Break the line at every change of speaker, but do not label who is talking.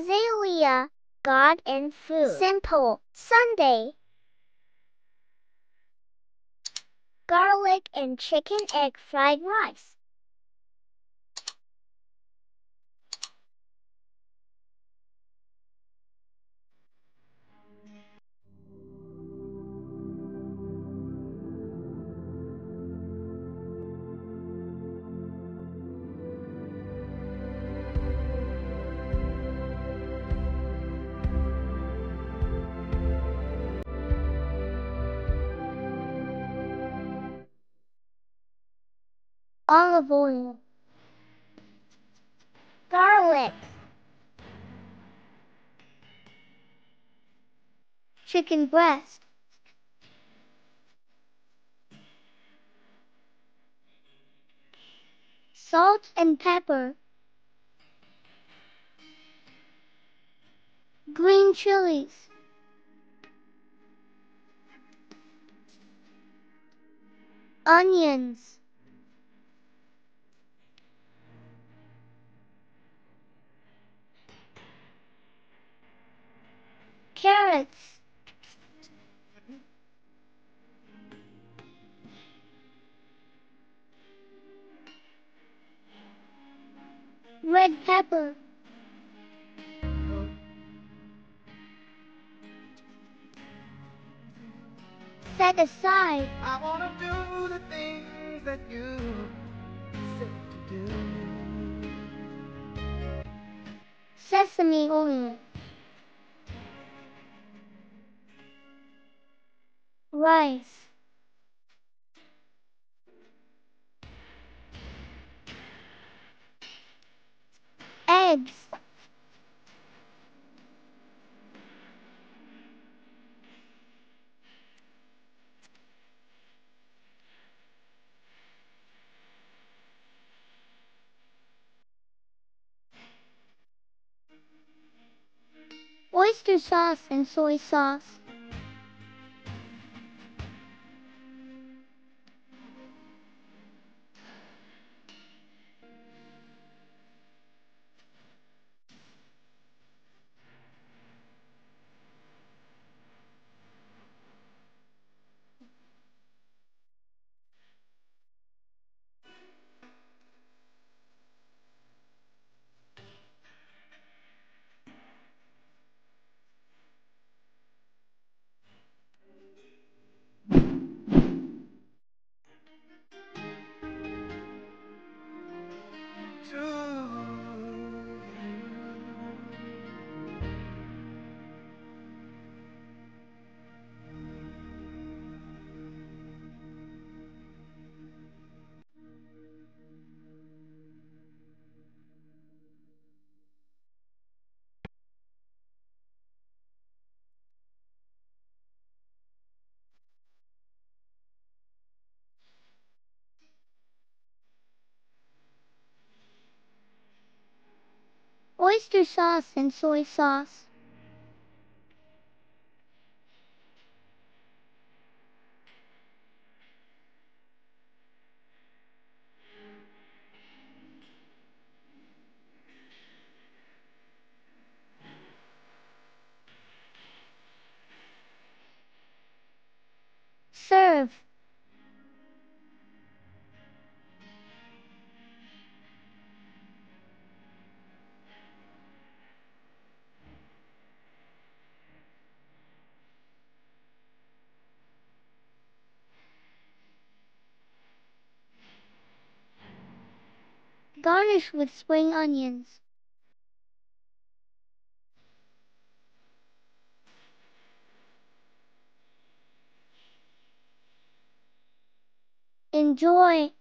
Azalea, God and Food. Simple, Sunday. Garlic and chicken egg fried rice. olive oil, garlic, chicken breast, salt and pepper, green chilies, onions, carrots. Red pepper. Set aside. I wanna do the things that you said to do. Sesame oil. rice eggs oyster sauce and soy sauce. oyster sauce and soy sauce. Garnish with spring onions. Enjoy!